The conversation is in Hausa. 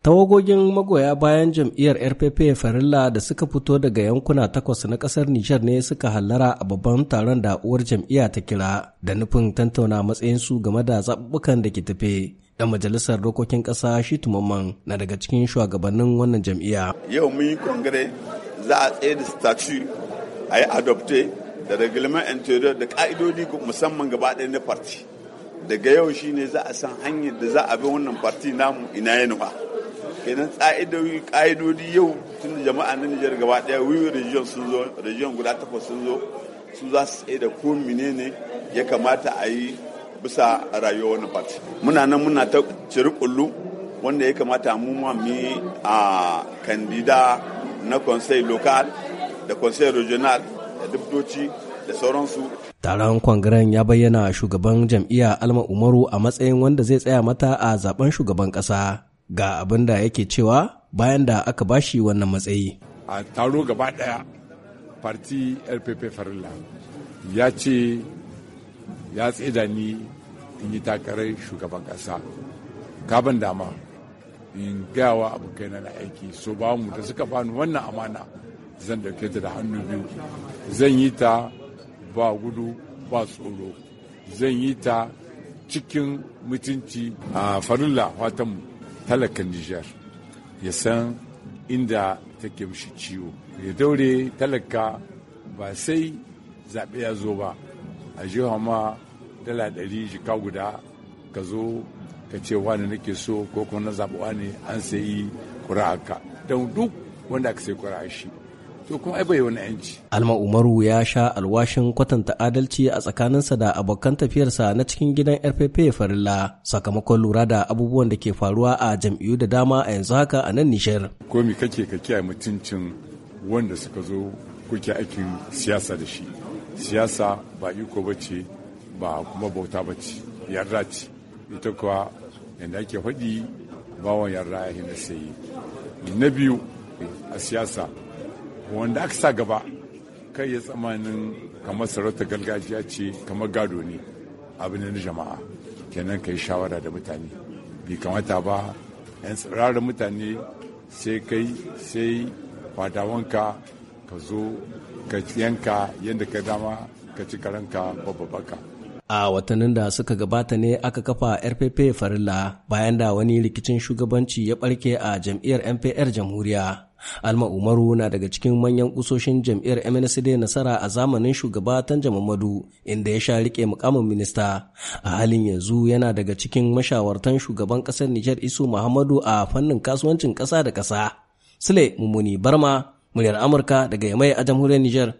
Tawagogin magoya bayan jam'iyyar RPP Farilla da suka fito daga yankuna takwas na kasar Nijar ne suka hallara a babban taron da uwar jam'iyya ta kira da nufin tantauna matsayinsu game da zaɓuɓɓukan da ke tafe. Dan majalisar dokokin ƙasa shi tumamman na daga cikin shugabannin wannan jam'iyya. Yau mun yi kongire za a tsaye da statue a yi adopte da reglement interior da ka'idodi musamman gaba ɗaya na parti. Daga yau shine za a san hanyar da za a bi wannan parti namu ina ya nufa. kenan tsa'idoyi ƙa'idodi yau tun da jama'a na Nijar gaba daya wiwi region sun zo region guda takwas sun zo su za su tsaye da ko menene ya kamata a yi bisa rayuwar wani party muna nan muna ta ciri kullu wanda ya kamata mu ma mu a kandida na conseil lokal da conseil regional da dubdoci da sauransu taron kwangaren ya bayyana shugaban jam'iyya alma umaru a matsayin wanda zai tsaya mata a zaben shugaban kasa ga abin da yake cewa bayan da aka bashi wannan matsayi. A taro gaba ɗaya farti RPP Farilla ya ce ya tseda ni in yi takarar shugaban ƙasa. Kaban dama in gawa abokaina na aiki so ba mu da suka bani wannan amana zan dauke ta da hannu biyu zan yi ta ba gudu ba tsoro zan yi ta cikin mutunci a farilla fatanmu talakan Nijar ya san inda take mushi ciwo ya daure talaka ba sai zaɓe ya zo ba a jiha ma dala ɗari jika guda ka zo ka ce wani nake so ko kuma na zaɓuwa ne an sayi ka don duk wanda aka sai ƙura'a shi to kuma ai bai wani yanci alma umaru ya sha alwashin kwatanta adalci a tsakaninsa da abokan tafiyarsa na cikin gidan rpp farilla sakamakon lura da abubuwan da ke faruwa a jam'iyyu da dama a yanzu haka a nan nishar ko kake ka kiyaye mutuncin wanda suka zo kuke aikin siyasa da shi siyasa ba iko ba ce ba kuma bauta ba ce yarda ce ita kuwa yadda ake faɗi bawan yarda ya na sayi na biyu a siyasa wanda aka sa gaba kai ya tsamanin kamar sarauta gargajiya ce kamar gado ne abu ne na jama'a kenan ka yi shawara da mutane bai kamata ba 'yan tsirarin mutane sai kai sai fadawanka ka zo ka yanka yadda ka dama ka ci karanka babbaka a watannin da suka gabata ne aka kafa rpp farilla bayan da wani rikicin shugabanci ya barke a jam'iyyar npr jamhuriya Alma Umaru na daga cikin manyan kusoshin jam'iyyar MNCD nasara a zamanin shugaba Tanja Mamadu inda ya sha rike mukamin minista. A halin yanzu yana daga cikin mashawartan shugaban ƙasar Nijar Isu Muhammadu a fannin kasuwancin ƙasa da ƙasa. Sule Mumuni Barma, muryar Amurka daga Yamai a jamhuriyar Nijar.